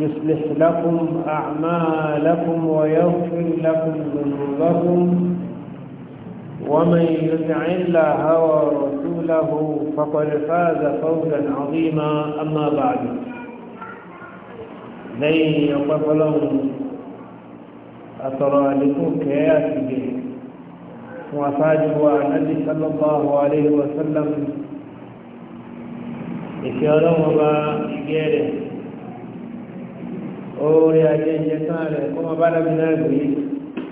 يصلح لكم أعمالكم ويغفر لكم ذنوبكم ومن يطع الله ورسوله فقد فاز فوزا عظيما أما بعد لن يقبلون أترى لكم كياتي عن النبي صلى الله عليه وسلم إشارة وما إجاره orí ayé jẹ tán rẹ̀ kó máa bá dábì náà gbé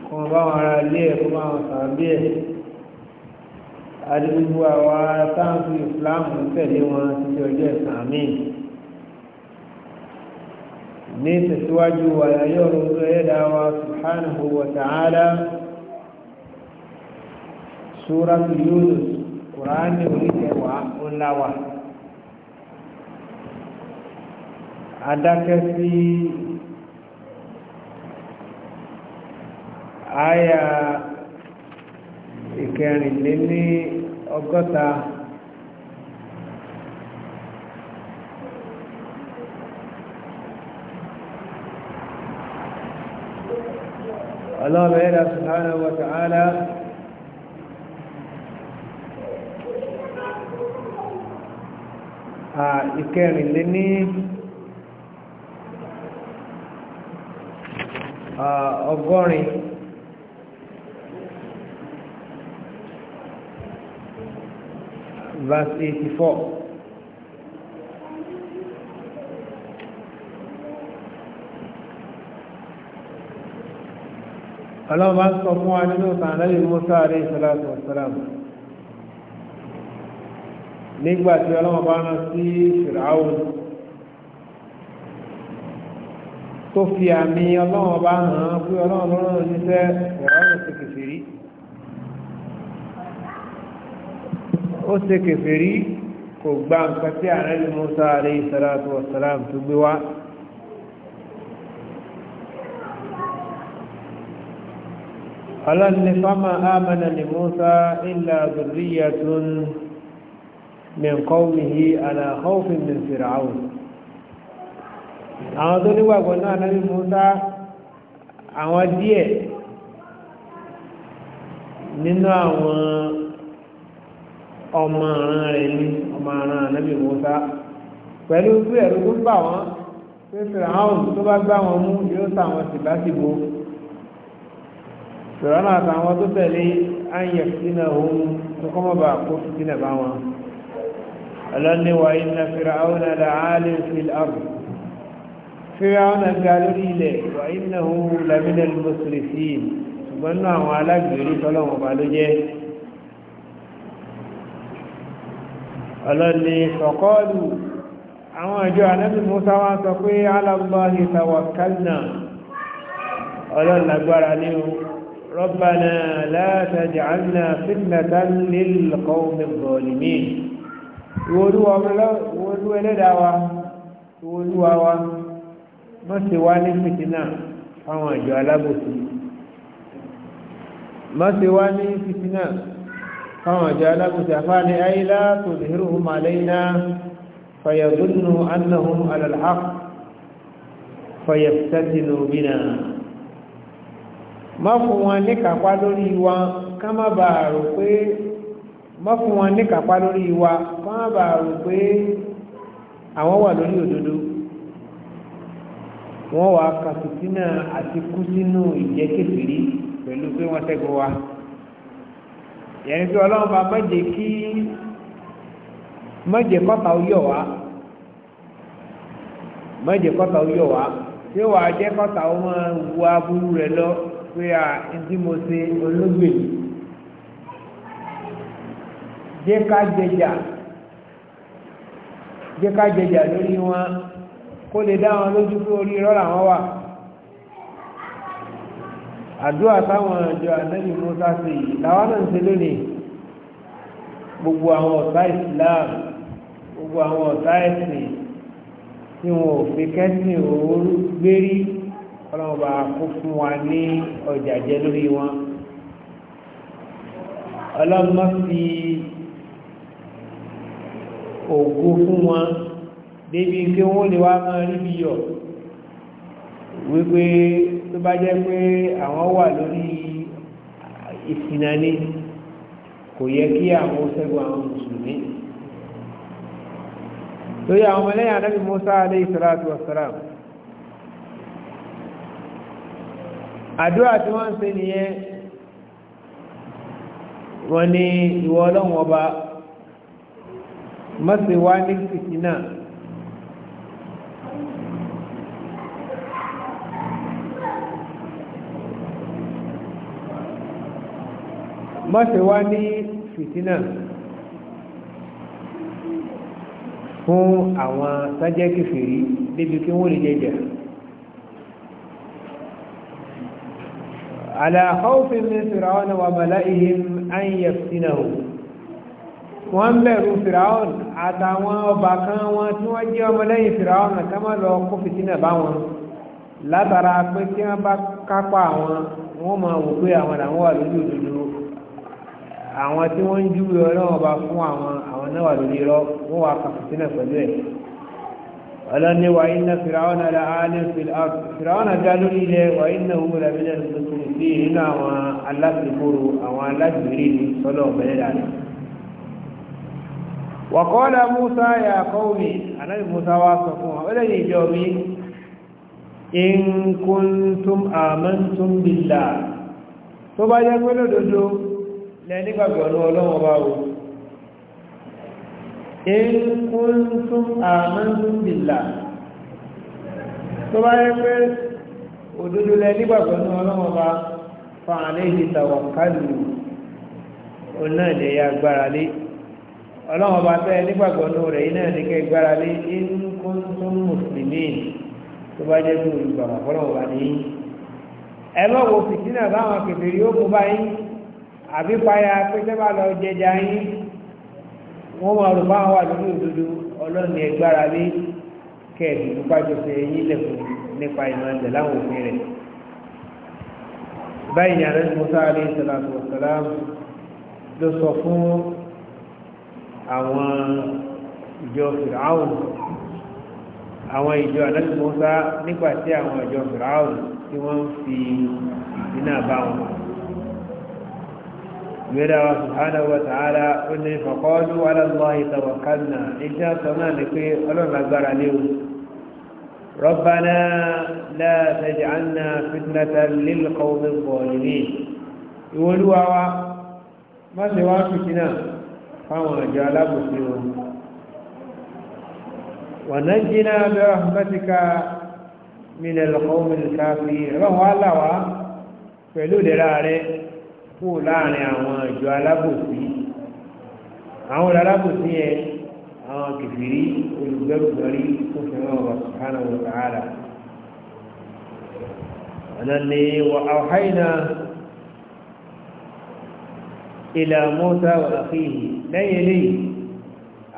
kó máa bá wọn ara lé ẹ̀ kó máa wọn sàbí ẹ̀ adigunbu àwọn ará táǹkì ìsìláàmù tẹ̀lé wọn títí ọjọ́ ẹ̀sán ní tẹ̀síwájú wà yóò rúrú ẹ̀dá wa subhanahu wa ta'ala suratu Yunus kùránì oríkẹwà ńláwà adákẹ́ sí àyà ìkẹrìnléní ọgọ́ta ọlọ́ọ̀bẹ̀ ẹ̀dà subhanahu wa ta'ala ìkẹrìnléní ọgọ́rin verse eighty four. ọlọ́run bá ń sọ fún wa nínú ìtàn lẹ́yìn Musa alayhi salatu wa salam nígbà tí ọlọ́run bá rán sí Fìràwùn tó fi àmì ọlọ́run bá hàn án pé ọlọ́run lọ́rùn níṣẹ́ wàhálà ṣe kìfìrí. ó ṣe kèfèrí kò gba nǹkan tí ànábì Musa alayhi salatu wassalam tó gbé wá ọlọ́ni fama amana ni Musa illa dhurriyatun min qawmihi ala khawfin min Fir'aun àwọn tó nígbàgbọ́ náà ànábì Musa àwọn díẹ̀ nínú àwọn ọmọ ọ̀ràn rẹ̀ ní ọmọ ọ̀ràn ànábì Mùsá pẹ̀lú bí ẹ̀rù tó bà wọ́n pé fìràhàn tó bá gbá wọn mú yóò sà wọn sì bá sì bo fìràhàn àtàwọn tó tẹ̀lé ayẹ̀ sínú ohun tó kọ́ mọ́ bá kó fìtínà bá wọn ọlọ́ni wa iná fìràhàn àdá àálẹ̀ fìl àrùn fìràhàn àgbà lórí ilẹ̀ wa iná hu lamina al-musrifin ṣùgbọ́n náà àwọn alágbèrè tọ́lọ́wọ́n bá ọlọ́ni fọ̀kọ́lù àwọn àjọ anábì musa wá sọ pé alábọ́ọ̀hì tawakkalna ọlọ́lágbára ní o rabbana la taj'alna fitnatan lil qawmi zalimin ìwòlú ẹlẹ́dàá ìwòlúwa wa mọ́ sí wá ní fìtínà fáwọn àjọ káwọn ọ̀jọ́ alágùnṣe àfáàní àìlá tó dìhìrù hùm àlẹ́yìnà fayadúnnù annahum alalhaq fayaftatinu bina má fún wọn ní kápá lórí wa ká má bàa rò pé má fún wọn ní kápá àwọn wà lórí òdodo wọ́n wà kàtùtínà àti kú sínú ìjẹ́kẹ̀fìrí pẹ̀lú pé wọ́n tẹ́gbọ́ wa yẹn tí ọlọ́run bá mọ́jẹ kí mọ́jẹ kọ́ta ó yọ̀ wá mọ́jẹ kọ́ta ó yọ̀ wá tí wàá jẹ́ kọ́ta ó máa wu aburú rẹ lọ pé à ndí mo ṣe olóògbé yìí jẹ́ ká jẹjà jẹ́ ká jẹjà lórí wọn kó lè dá wọn lójú pé orí rọ́là wọn wà àdúrà táwọn àjọ ànábì Mùsá ṣe yìí làwọn náà ń ṣe lónìí gbogbo àwọn ọ̀tá Islam gbogbo àwọn ọ̀tá ẹ̀sìn tí wọn ò fi kẹ́sìn òórú gbérí ọlọ́run bá kó fún wa ní ọjà jẹ lórí wọn ọlọ́run fi ògo fún wọn débi pé wọ́n lè wá máa rí bí yọ wípé tó bá jẹ́ pé àwọn wà lórí ìsìnà ni kò yẹ kí àwọn ṣẹ́gun àwọn mùsùlùmí lórí àwọn ọmọlẹ́yìn anábì Musa alayhi salatu wassalam àdúrà tí wọ́n ń ṣe nìyẹn wọ́n ní ìwọ ọlọ́run ọba mọ́sẹ̀ ní fìtínà náà má ṣe wá ní fìtínà fún àwọn sájẹ́ kìfìrí débi kí wọ́n lè jẹjà ala khawfin min fir'auna wa mala'ihim an yaftinahu wọ́n bẹ̀rù firaun àtàwọn ọba kan wọn tí wọ́n jẹ́ ọmọlẹ́yìn firaun àtàwọn lọ kó fìtínà bá wọn látara pé tí wọ́n bá kápá àwọn wọ́n máa wò pé àwọn làwọn wà lójú òdodo àwọn tí wọ́n ń júwe ọlọ́run ọba fún àwọn àwọn náà wà lórí irọ́ wọ́n wà kàfùtínà pẹ̀lú ẹ̀ ọlọ́ni wà iná fìràwọ̀nà la alẹ́ fìràwọ̀nà dá lórí ilẹ̀ wà iná owó làbílẹ̀ tuntun sí nínú àwọn aláṣẹ́kóró àwọn aláṣẹ́rí ní sọ́lọ̀ ọ̀bẹ̀rẹ̀ tó bá yẹ pé lódodo lẹ nígbàgbọ́ ní ọlọ́wọ́ bá wo in kuntum amantum billah tó bá yẹ pé òdodo lẹ nígbàgbọ́ ní ọlọ́wọ́ bá fa alayhi tawakkalu òun náà lè ya bá tẹ́ nígbàgbọ́ fìtínà báwọn kèfèrè ó mú báyìí àbí payà pété bá lọ jẹjà yín wọ́n máa rò báwọn wà lórí òdodo ọlọ́run ní ẹgbára lé kẹ́ẹ̀dì nípa jọ̀sẹ̀ yín lẹ̀kùn nípa ìmọ̀ ẹ̀jẹ̀ láwọn òfin rẹ̀ báyìí ni àrẹ Musa alayhi salatu wa salam ló sọ fún àwọn ìjọ fìràwùn àwọn ìjọ ànábì Musa nígbà tí àwọn ìjọ fìràwùn tí wọ́n ń fi ìdínà bá wọn gbẹ́rẹ́ wa subhanahu wa ta'ala ó ní faqalu ala Allahi tawakkalna iṣẹ́ sọ náà ni pé ọlọ́run agbára ní o rabbana la taj'alna fitnatan lil qawmi adh-dhalimin ìwọlúwa wa má ṣe wá fìtínà fáwọn àjọ alábòsí o wa najjina bi rahmatika min al-qawmi al-kafirin ọlọ́run wá là wá pẹ̀lú kúrò láàrin àwọn ìjọ alábòsí àwọn alábòsí yẹn àwọn kìfìrí olùgbẹ́rùgbẹ́rí tó fẹ́ràn ọ̀rọ̀ sùhánà wọ̀ sàhálà ọ̀nà ni wà áwáhánà ilẹ̀ mọ́tà wà fíhì lẹ́yìn eléyìí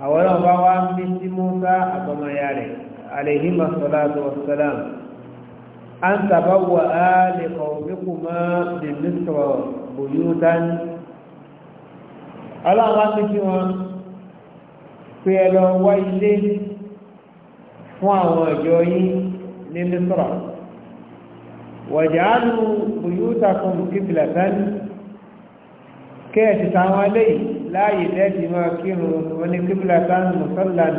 àwọn náà bá wá ń bí sí mọ́tà àtọmọya rẹ̀ àlèhìmọ̀ sọ́lá tó wà sálàmù an tabawa a lè kọ̀wé kùmá lè mí sọ̀rọ̀ buyutan aláwọ̀ ti kí wọn pé ẹ lọ wá ilé fún àwọn ìjọ yín ní mísírà waj'alu buyutakum qiblatan kẹ́ẹ̀tì táwọn léyìí láàyè lẹ́ẹ̀tì máa kírun oní qiblatan musallan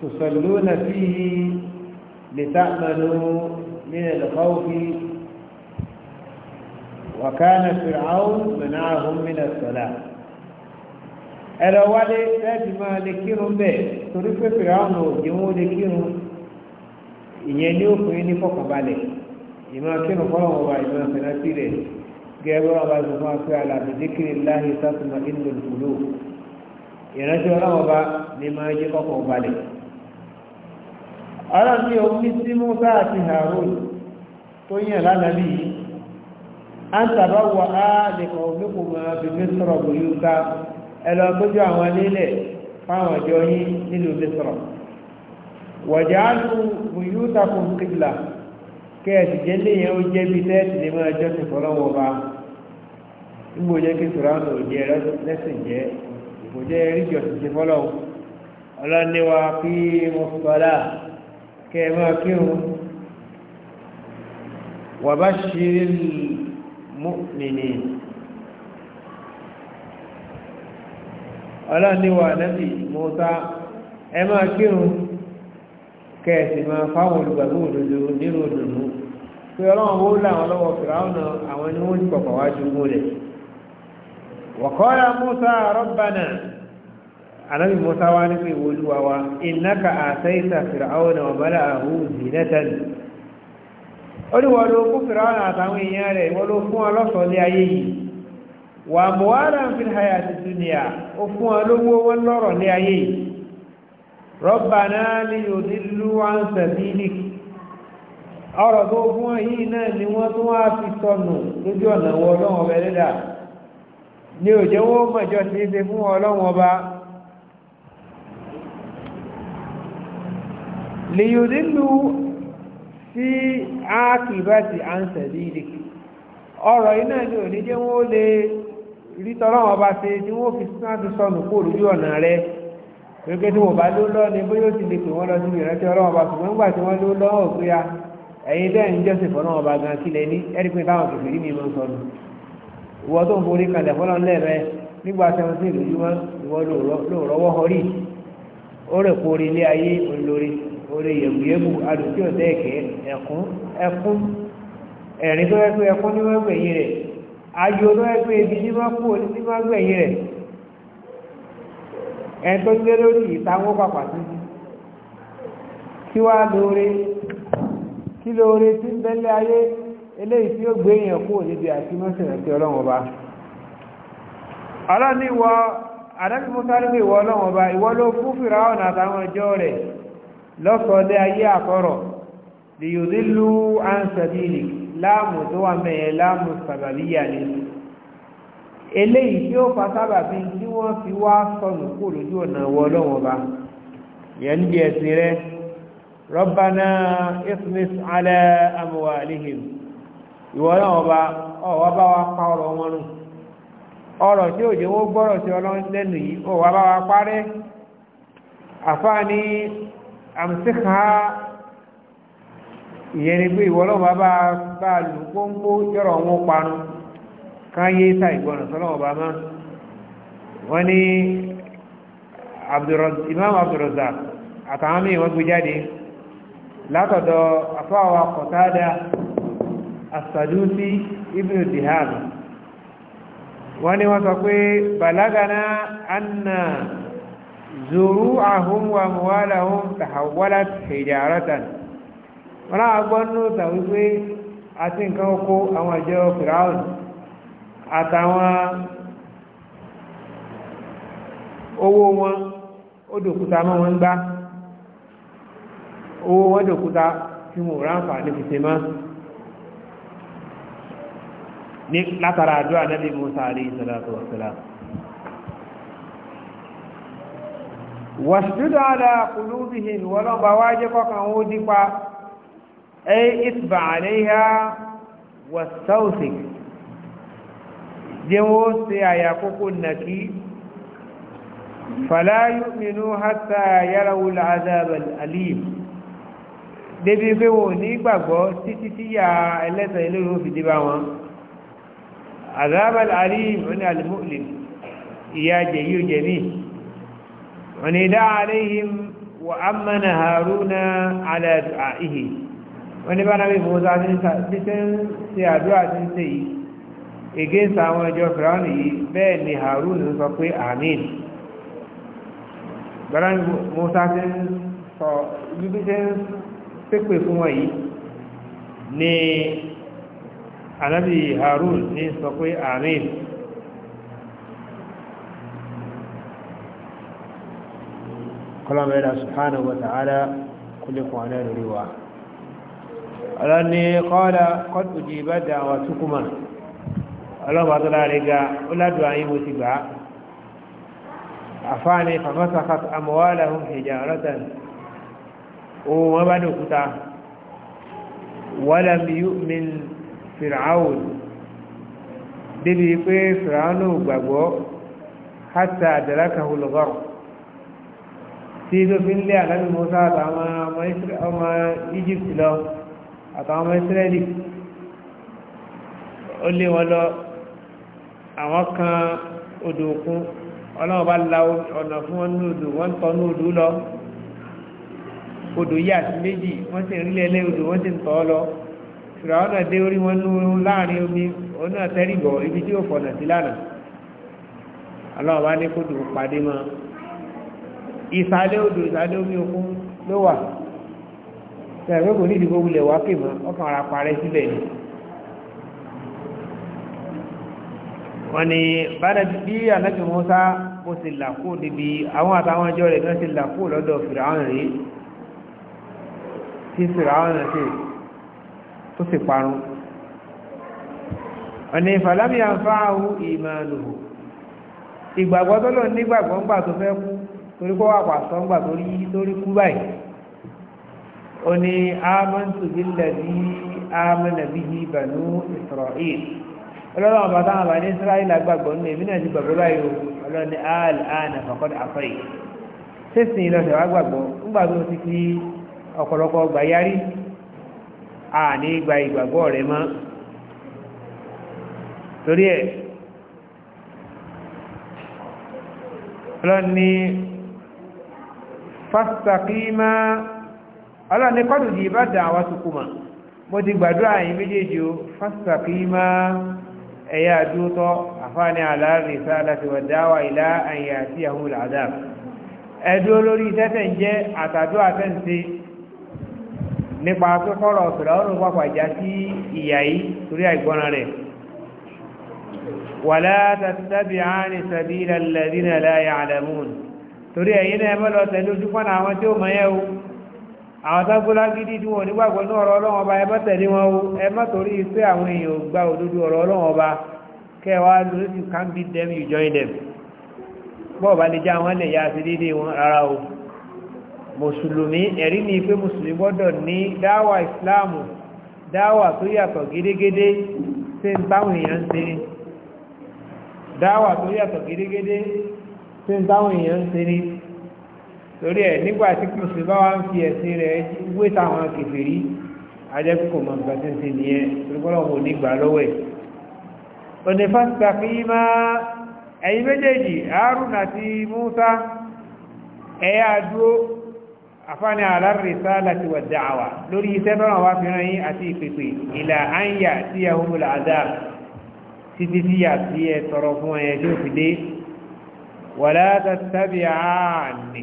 tusalluna fihi lita'manu min al-khawfi wàkánà fìràún mìnàhùn mìnà sọ̀lá ẹ̀rọ wálé láti máa lè kírun bẹ́ẹ̀ torí pé fìràún ò jẹ́ wọ́n lè kírun ìyẹn ní òkùnrin ní fọkànbalẹ̀ ìmọ̀ kírun fọlọ́wọ́ wa ìmọ̀ fìràtì rẹ̀ gẹ́gẹ́ wọn bá zùn fún akpé alábìdíkiri láhi sátúmọ̀ ìlú ìlú ìrántí ọlọ́wọ́ bá ní máa jẹ́ kọ́kọ́ ọlọ́run ní omi sí Musa àti Harun tó yàn lánàá bíi an tàbá wà á nìkan omíkùn mọ́ bíbí sọ̀rọ̀ bòyúta ẹ lọ tójú àwọn nílẹ̀ fáwọn ọjọ́ yín nílùú bí sọ̀rọ̀ wọ̀jà á lu bòyúta fún kíbla kẹ́ẹ̀sì jẹ́ léyìn ó jẹ́ bí tẹ́ẹ̀sì lè máa jọ́ sí fọlọ́wọ́ bá nígbò jẹ́ kí sùránù òjì ẹ̀rọ lẹ́sìn jẹ́ kò jẹ́ ríjọ sí ti fọlọ́wọ́ ọlọ́niwa kí mo fọlá kẹ́ẹ̀ máa kírun wàbá ṣírí mọ́mìnì ọlọ́niwà nẹ́bì mọ́ta ẹ máa kírun kẹ́ẹ̀sì máa fáwọn olùgbàgbọ́ òdodo nínú òdòdó pé ọlọ́run ó láwọn lọ́wọ́ fìràúnà àwọn ẹni wọ́n ti pọ̀pọ̀ wájú múlẹ̀ wọ̀kọ́lá mọ́ta rọ́bànà anabi mọ́ta wá nípa ìwòlúwa wa ìnáka àtẹ́yìntà onu ló kú àtàwọn èèyàn rẹ̀ wọ́n ló fún ọ lé ayé yìí wà Haya ń fi à ó fún ọ lówó lọ́rọ̀ lé ayé yìí rọ́bàná ní yòdìlú wa ń sẹ̀bí ní ọ̀rọ̀ ọ yìí náà ni wọ́n tún wá fi sọnù lójú ọ̀nà ọlọ́wọ́n wọ́n mọ̀jọ́ ọba sí ákìbẹ́sì àǹsẹ̀lì ọ̀rọ̀ iná ni ò ní jẹ́ lè rí tọ́lọ́wọ́n bá ṣe tí wọ́n fi sínú àti sọnù kó lójú ọ̀nà rẹ gbẹgbẹ tí wọ́n bá ló ni bóyá ó ti lè pè wọ́n lọ síbi ìrántí ọlọ́wọ́n bá ṣùgbọ́n nígbà tí wọ́n ló pé a ẹ̀yin bẹ́ẹ̀ ń jọ́sìn fọlọ́wọ́n bá gan kílẹ̀ ní ẹ̀rí pé táwọn kìfì rí mi sọnù ìwọ tó ń forí kalẹ̀ nígbà ìwọ họrí ó rẹ̀ kórè ilé orí yẹ̀mùyẹ̀mù adùn tí ò dẹ́ẹ̀kẹ́ ẹ̀kún ẹkún ẹ̀rín tó ẹgbẹ́ ẹkún ní wọ́n gbẹ̀yìn rẹ̀ ayò tó ẹgbẹ́ ibi ní wọ́n kú gbẹ̀yìn rẹ̀ tó gbé lórí ìtawọ́ pàpà sí kí wá lóore kí lóore tí ń ayé eléyìí tí ó gbé èèyàn kú àti lọ́sọ̀ọ́dẹ́ ayé àkọ́rọ̀ lèyòdílú ansabili láàmù tó wà mẹ́yẹ láàmù sàbàbíyà ni eléyìí tí ó fa sábàbí tí wọ́n fi wá sọnù kú lójú ọ̀nà wọ ọlọ́wọ́n yẹn ń di rẹ rọ́bánà alẹ́ ọ̀wọ́ bá pa ọ̀rọ̀ wọn nù ọ̀rọ̀ tí àmsíkà ìyẹn ni pé ìwọ́lọ́wọ́ bá bá lù gbóngbó yọ̀rọ̀ wọn parun káyé ta ìgbọ̀nà sọ́lọ́wọ́ bá mọ́ wọ́n ní imam abdulrazak àtàwọn míì wọ́n gbé jáde látọ̀dọ̀ afọ́wà kọ̀tádà asadusi ibn diham wọ́n ní wọ́n sọ pé balagana anna zuru'ahum wa amwalahum tahawwalat hijaratan wọ́n náà gbọ́nú tàbí pé àti nǹkan oko àwọn ìjọ firaun àtàwọn owó wọn ó dòkúta mọ́ wọn gbá owó wọn dòkúta tí mo ráǹfà ní fi tèmọ́ látara àdúrà Nábì Mùsá alayhi salatu wa salam wasjudu ala qulubihim wọ́n bá wá jẹ́ kọ́kàn ó dípa ẹ ìtìbà àléhà wasawsik jẹ́ wọ́n ṣe àyàkókò nàkí fala yu'minu hatta yarawu al'azab al'alim débi pé wọ́n ní gbàgbọ́ títí tí yà ẹlẹ́sẹ̀ ilé yóò wọn wani da alaihim wa ammana haruna ala du'a'ihi wani bá náà mọ́ sáà ti ṣe àdúrà tí ń ṣe yìí against àwọn ìjọ fìránì yìí bẹ́ẹ̀ ni haruna sọ pé amin bára mọ́ sáà ti ń sọ ibi tí ń pépè harun kọlọ́mọ ẹ̀dà subhanahu wa ta'ala kúlẹ̀kùn àná lórí wa ọlọ́ni kọ́ọ̀dà kọ́tù jì bá dà wà túkùmá ọlọ́mọ tó láàrin ga ó ládùn ayé mo ti gbà á àfáàní fàmásàkàtà àmọ́wálà hùn ìjà ọlọ́tàn ohun wọn bá ní òkúta wàlàm yu'min fìràáwùn débi pé fìràánù gbàgbọ́ hátà àdàlákàhùn lọ́gọ́rùn tí tó fi ń lé àdáni Musa àtàwọn ọmọ Egypt lọ àtàwọn ọmọ Israeli ó lé wọn lọ àwọn kan odò òkun ọlọ́run bá la ọ̀nà fún wọn ní odò wọn ń tọ́ ní odò lọ odò yí àti méjì wọ́n sì ń rí lẹ́lẹ́ odò wọ́n sì ń tọ́ lọ ṣùgbọ́n ọ̀nà dé orí wọn ní láàrin omi ọ̀nà tẹ́rìbọ̀ ibi tí ó fọ̀nà sí lánàá ọlọ́run bá ní kó pàdé mọ́ ìsàlẹ̀ odò ìsàlẹ̀ omi òkun ló wà ṣẹ̀rẹ̀ kò ní ìdìbò wulẹ̀ wá pè mọ́ ọkàn ara parẹ́ síbẹ̀ ni wọ́n ni bára bí anábì Mùsá mo sì làkó níbi àwọn àtàwọn ọjọ́ rẹ̀ náà sì làkó lọ́dọ̀ fìràwọn rí tí fìràwọn sí tó sì parun wọ́n ni fàlámì àǹfààhù ìmọ̀ àlùhù ìgbàgbọ́ tó lọ nígbàgbọ́ ń gbà tó fẹ́ kú torí kó wà pàṣán gbà torí torí kú báyìí ó ní ámọ́ntù bílẹ̀dí ámọ́nàbí banu israel ọlọ́run ọba táwọn àbáyé israel agbàgbọ́ nínú èmi náà ti gbàgbọ́ báyìí o ọlọ́run ní al-ana faqad àfẹ́yì sísìn ìlọsẹ̀ wá gbàgbọ́ nígbà tó ti fi ọ̀pọ̀lọpọ̀ gbà yarí àní gba ìgbàgbọ́ rẹ̀ mọ́ torí ẹ̀ ọlọ́run ní fásitàkìmá ọlọ́ni kọ́dù yìí bá dà wá tukuma mo ti gbàdúrà yìí méjèèjì o fásitàkìmá ẹ̀yà àdúrótọ́ àfáàní àlàáre sáàdàtì wà dáwà ilá àyà àti àhún làdá ẹ̀dúró lórí tẹ́tẹ̀ ń jẹ́ àtàdó àtẹ́ǹsẹ́ nípa akẹ́kọ̀ọ́rọ̀ fìràwọ́n pàpà já sí ìyà yìí torí àìgbọ́nà rẹ̀ wàlá tàbí àárín sàbílẹ̀ lẹ́dínà láyà àdàmúnù torí ẹ̀yin náà ẹmọ́ lọ tẹ̀lé ojú fọ́nà àwọn tí ó mọ̀ yẹ́ o àwọn tágbólá gidi tí wọn nígbàgbọ́ ní ọ̀rọ̀ ọlọ́wọ́n ọba ẹmọ́ tẹ̀lé wọn o ẹmọ́ torí pé àwọn èèyàn gba òdodo ọ̀rọ̀ ọlọ́wọ́n ọba kẹwàá lórí you can beat them you join them bọ́ọ̀ bá lè já wọn lè yá sí dédé wọn rárá o mùsùlùmí ẹ̀rí ni pé mùsùlùmí gbọ́dọ̀ ní dáwà ìsìláàmù dáwà tó yàtọ̀ gédégédé tí ń báwọn èèyàn ń ṣe dáwà tó yàtọ̀ gédégédé tí ń táwọn èèyàn ń ṣe ní torí ẹ̀ nígbà tí mùsùlùmí bá wá ń fi ẹ̀sìn rẹ̀ wé táwọn kèfèrí ajẹ́kù kò mọ̀ nǹkan tí ń ṣe nìyẹn torípọ́lọ́ kò ní gbà lọ́wọ́ ẹ̀ òní fásitì àfihàn ẹ̀yin méjèèjì Harun àti Musa ẹ̀yà dúró afáàní alárìsá láti wà dáàwà lórí iṣẹ́ tọ́nà wá fi rán yí àti ìpèpè ìlà àyà tí yahoo àdá títí sí àti ẹ̀ tọrọ fún ẹ̀yẹ tí fi dé wàlá tàbí àánì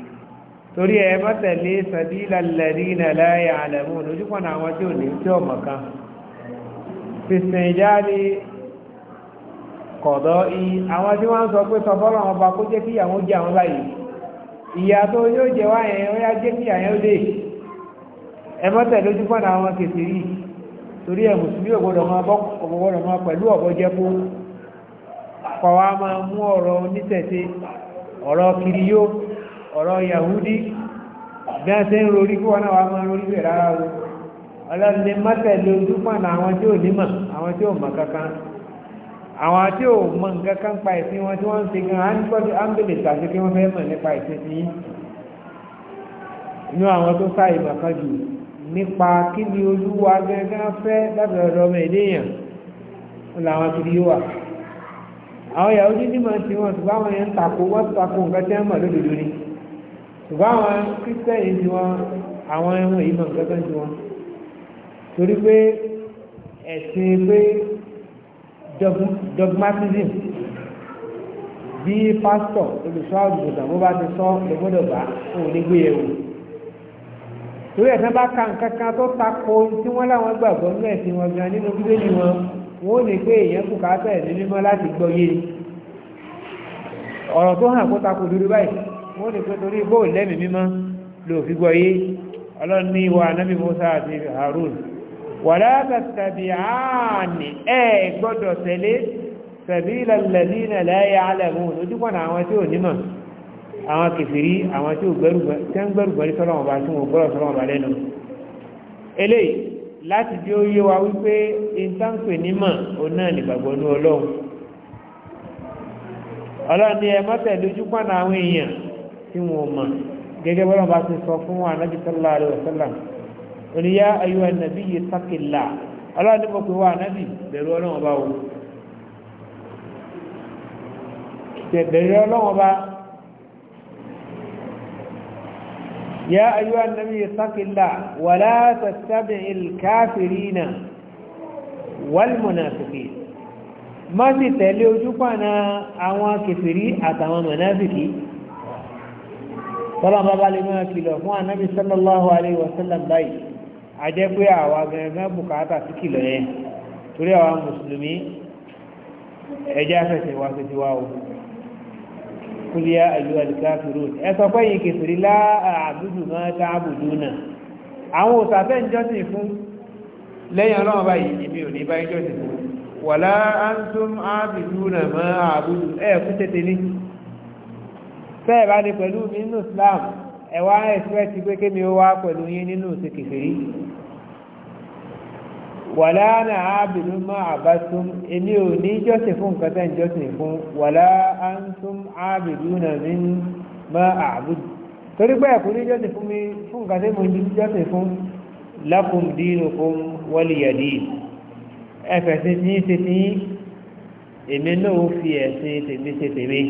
torí ẹ má tẹ̀lé sàbílà lẹ́rìnà láyé àlẹ́mú lójúkọ̀nà àwọn tí ò ní tí ọmọ kan fìsìn ìjáde kọ̀dọ̀ i àwọn tí wọ́n ń sọ pé sọ fọ́lọ́ ọba kó jẹ́ kí ìyàwó jẹ́ àwọn báyìí ìyà tó yóò jẹ wá yẹn ó yá jẹ́ kí àyẹ́ ọ̀rọ̀ kiri yóò ọ̀rọ̀ yahudi bí a ṣe ń rorí kí wọ́n náà wà máa rorí rẹ̀ rárá o ọlọ́run ní mọ́tẹ̀lẹ́ ojú pọ̀nà àwọn tí ò nímọ̀ àwọn tí ò mọ̀ kankan àwọn tí ò mọ̀ kankan pa ìsìn wọn tí wọ́n ń ṣe gan an gbọ́dọ̀ ámbèlè tàbí kí wọ́n fẹ́ mọ̀ nípa ìsìn sí inú àwọn tó sá ìmọ̀ kan jù nípa kí ni olúwa gẹ́gẹ́ fẹ́ lábẹ́ ọ̀dọ́ ọmọ èdèèyàn làwọn kiri yóò wà àwọn Yahudi ní ma ti wọn ṣùgbọ́n àwọn yẹn ń tako wọ́n ti tako nǹkan tí wọ́n mọ̀ lódodo ni ṣùgbọ́n àwọn kírísítẹ́nì ti wọn àwọn ẹ̀wọ̀n yìí mọ̀ nǹkan tó ń ti wọn torí pé ẹ̀sìn pé dogmatism bí pásítọ̀ olùṣọ́ àgùntàn bó bá ti sọ lè bá òun ní gbéyẹ̀wò torí ẹ̀sán bá ka nǹkan kan tó tako tí wọ́n láwọn gbàgbọ́ nínú ẹ̀sìn wọn gan nínú bíbélì wọn wọ́n ní pé èèyàn kù káàtẹ̀ ní mímọ́ láti gbọ́ yé ọ̀rọ̀ tó hàn kó takò dúdú báyìí wọ́n ní pé torí bóò lẹ́mì mímọ́ ló fi gbọ́ yé ọlọ́run ní ìwà àwọn kèfèrí àwọn tí ó gbẹ́rùgbẹ́rí sọ́lọ́wọ̀n bá tí wọ́n gbọ́rọ̀ sọ́lọ́wọ̀n bá lẹ́nu eléyìí láti jẹ́ ó yé wa wípé ìtànpè nímọ̀ òun náà nígbàgbọ́ ní ọlọ́run ọlọ́run ni ẹ mọ́tẹ̀ lójú àwọn èèyàn tí wọn mọ̀ gẹ́gẹ́ bọ́lá bá ti sọ fún wa anábì sallallahu alaihi ya oníyá ayúwa nàbí yìí sákìlá ọlọ́run ní mo pè wá anábì bẹ̀rù ọlọ́run bẹ̀rù يا أيها النبي اتق الله ولا تتبع الكافرين والمنافقين ما تتلي وجبنا أوا كفري أتوا منافقي طلب بالما كيلو هو النبي صلى الله عليه وسلم باي أجاب يا واجنا بكاتا سكيلو إيه تري أوا مسلمي أجافة واسجواو kúlíyà àyùwà káfíró ẹ sọ pé yìí kẹfìrí láàbùdù máa tá àbùdù náà àwọn òsàfẹ́ ìjọsìn fún lẹ́yìn ọlọ́run báyìí èmi ò ní bá ìjọsìn fún wàlá antum àbùdù náà máa àbùdù ẹ kú tètè ní fẹ́ẹ̀ bá ní pẹ̀lú mi nínú Islam ẹ wá ti pé kémi wá pẹ̀lú yín nínú òsè kẹfìrí wàlá náà ábìlú máa bá tún èmi ò ní jọ́sìn fún nǹkan tẹ́ ń jọ́sìn fún wàlá á ń tún ábìlú náà ní máa àbújù torí pé ẹ̀kú ní jọ́sìn fún mi fún nǹkan tẹ́ mo ní jọ́sìn fún lakum dinukum waliyadi ẹ̀fẹ̀ sí ti ṣe ti èmi náà fi ẹ̀sìn tèmi ṣe tèmi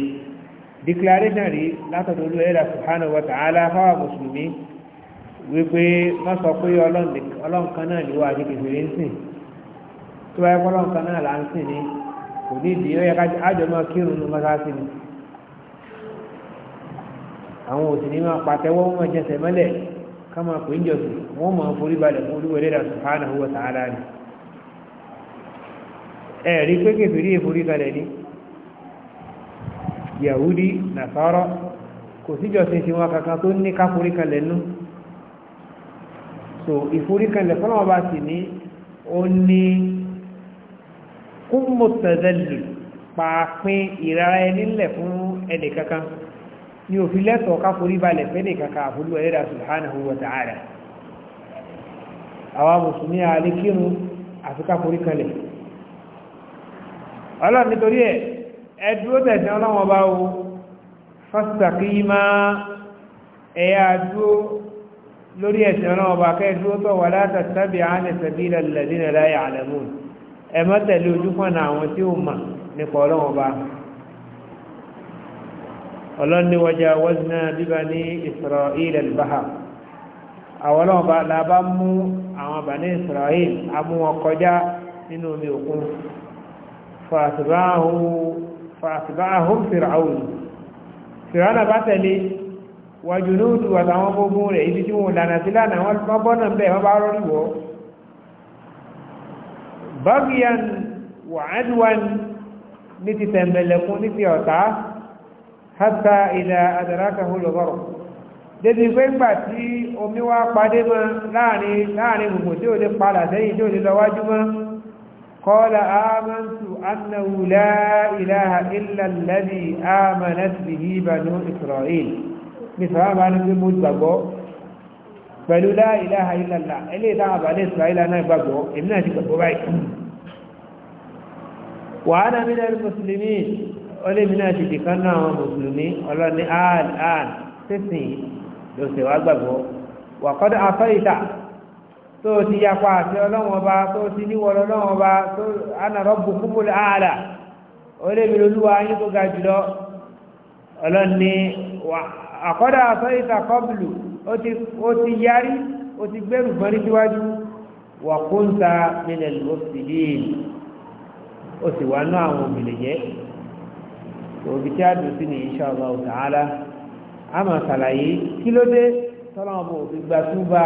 declaration rí látọ̀dọ̀ olú ẹ̀dà subhanahu wa ta'ala fáwọn mùsùlùmí wípé má sọ pé ọlọ́run ọlọ́run kan náà ló wà ní kékeré ń sìn tó wáyé ọlọ́run kan náà là ń sìn ní kò ní ìdí ó yẹ ká àjọ máa kírun ní mọ́sáàsì ni àwọn òsì ní máa pàtẹ́wọ́ wọn máa jẹsẹ̀ mọ́lẹ̀ ká máa pè ń jọsìn wọn máa forí balẹ̀ fún olúwẹ̀lé rà subhanahu wa ta'ala ni ẹ̀rí pé kékeré ìforí kalẹ̀ ni yahudi nasara kò síjọsìn tí wọn kankan tó ní ká forí kalẹ̀ nú so ìforíkanlẹ̀ fọ́nà ọba sì ní ó ní kúmọ̀tẹ̀dẹ̀lì pàápín ìrara ẹni ńlẹ̀ fún ẹnìkankan ní òfin lẹ́tọ̀ọ́ ká forí balẹ̀ fẹ́nìkankan àfolú ẹ̀dẹ́dà subhanahu wa ta'ala àwa mùsùlùmí àlékírun àfi ká forí kanlẹ̀ ọlọ́run nítorí lórí ẹ̀sìn ọ̀nà ọba kẹ́ẹ̀dúró tọ̀ wà látà tábì àánì sẹ̀bílẹ̀ lẹ́dínà láyé àlẹ́mùn ẹ má tẹ̀lé ojúkọ̀nà àwọn tí ó mà nípa ọlọ́run ọba ọlọ́niwọjà wọ́sínà bíbá ní Israel al-bahar àwọn ọlọ́run ọba la bá wàjúnúdù àtàwọn gbogbo rẹ̀ ibi tí wọ́n dànà sí lánàá wọ́n bọ́nà bẹ́ wọ́n bá rọ́rí wọ́ bọ́gíyàn wàádùwàn ní ti tẹ̀m̀bẹ̀lẹ̀kún ní ti ọ̀tá hátà ilẹ̀ àdàrákà hulọ̀gọ́rọ̀ débi pé gbà tí omi wá padé mọ́ láàrin gbogbo tí ó lè padà sẹ́yìn tí ó lè lọ́wájú mọ́ kọ́lá ámántù annahu la ilaha illa alladhi amanat bihi banu ní sàábà ní pé mo gbàgbọ́ pẹ̀lú la ilaha illallah ẹlẹ́ ìdáhà bàálẹ̀ ìsìláìlá náà gbàgbọ́ èmi náà ti gbàgbọ́ báyìí wàhánà mi náà mùsùlùmí ọlẹ́mi náà ti dìkan náà àwọn mùsùlùmí ọlọ́ni àn àn sísìn lọ́sẹ̀ wá gbàgbọ́ wà kọ́dá afẹ́ìta tó ti yapa àti ọlọ́wọ́n bá tó ti níwọ̀ ọlọ́wọ́n bá tó ánàrọ́ bùkúmùlù ààlà ọlẹ́mi lolúwa yín tó ga jùlọ ọlọ́ni àkọ́dà àfẹ́ríkà kọ́bùlù ó ti yarí ó ti gbẹ́rù gbọ́n ní síwájú wà kóńtà nílẹ̀ lọ́sídìí ó sì wá ná àwọn òbílẹ̀ jẹ́ òbí tí a dùn sí ní insha Allah ta'ala a máa ṣàlàyé kí ló dé tọ́lá ọmọ òfin gba túbà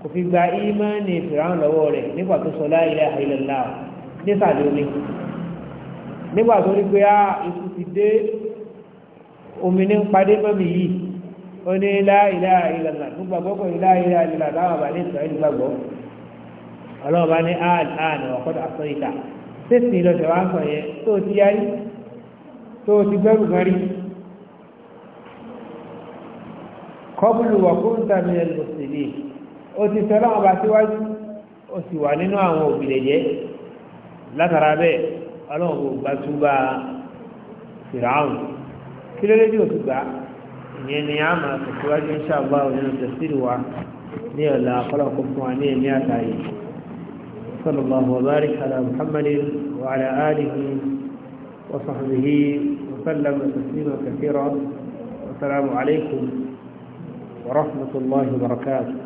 kò fi gba ímánì fìràn lọ́wọ́ rẹ̀ nígbà tó sọ la ilaha illallah nísàlẹ̀ omi nígbà tó rí pé a ah, ikú ti dé omi ní ń padé bọ́mì yìí ó ní láìlá ìlànà gbogbo àgbọ́kọ̀ láìlá ìlànà láwọn àbá ní ìsọ̀rọ̀ ìgbàgbọ́ ọlọ́ọ̀bá ní àn àn ọ̀kọ́dọ̀ àsọ ìta tẹ́sì ìlọsẹ̀ wa ń sọ yẹn tó ti yarí tó ti gbẹ́rù gan rí kọ́bùlù wọ̀kúńtà mi ẹ̀ lọ́sẹ̀lẹ̀ ó ti sọ láwọn bá síwájú ó sì wà nínú àwọn òbílẹ̀jẹ́ látara bẹ́ẹ̀ ọlọ́run kilele ló lédè ni niama máa tẹ̀síwájú insha Allah nínú tafsiri wa leo la ọ̀pọ̀lọpọ̀ fún wa ní ẹ̀mí àtàyè sallallahu wa sallam Muhammad wa ala alihi wa sahbihi wa sallam taslima kathira wa salamu alaykum wa rahmatullahi wa barakatuh